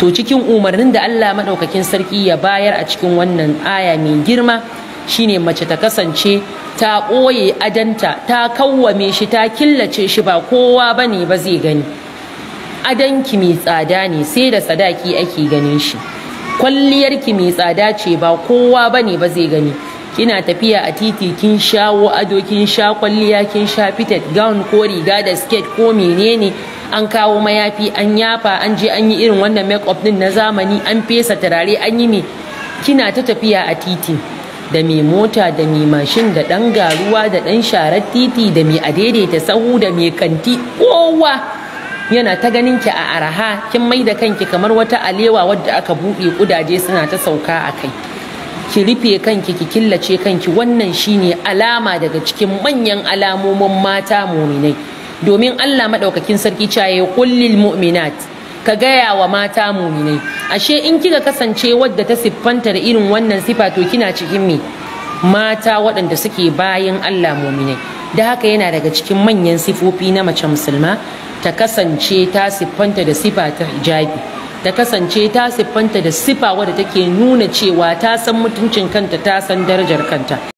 to cikin umarnin da Allah maɗaukakin sarki ya bayar a cikin wannan aya mai girma shine mace ta kasance ta ɓoye adanta ta kawwame shi ta killace shi ba kowa ba ne ba zai gani adanki mai tsada ne sai da sadaki ake ganin shi kwalliyarki mai tsada ce ba kowa ba ne ba zai gani kina tafiya a titi kin shawo ado kin sha kwalliya kin sha fitted gown ko riga da skate ko menene an kawo mayafi an yafa an je an yi irin wannan make up din na zamani an fesa turare an yi me kina ta tafiya a titi da mai mota da mai mashin da ɗan garuwa da ɗan sharar titi da mai adaidaita sahu da mai kanti kowa yana ta ganin ki a araha kin mai da kanki kamar wata alewa wadda aka buɗe kudaje suna ta sauka a kai ki rufe kanki ki killace kanki wannan shine alama daga cikin manyan alamomin mata muminai domin Allah maɗaukakin sarki caye kullil mu'minat ka gaya wa mata muminai ashe in kika kasance wadda ta siffanta da irin wannan sifa to kina cikin me mata waɗanda suke bayan Allah muminai da haka yana daga cikin manyan sifofi na mace musulma ta kasance ta siffanta da sifa ta hijabi ta kasance ta siffanta da sifa wadda take nuna cewa ta san mutuncin kanta ta san darajar kanta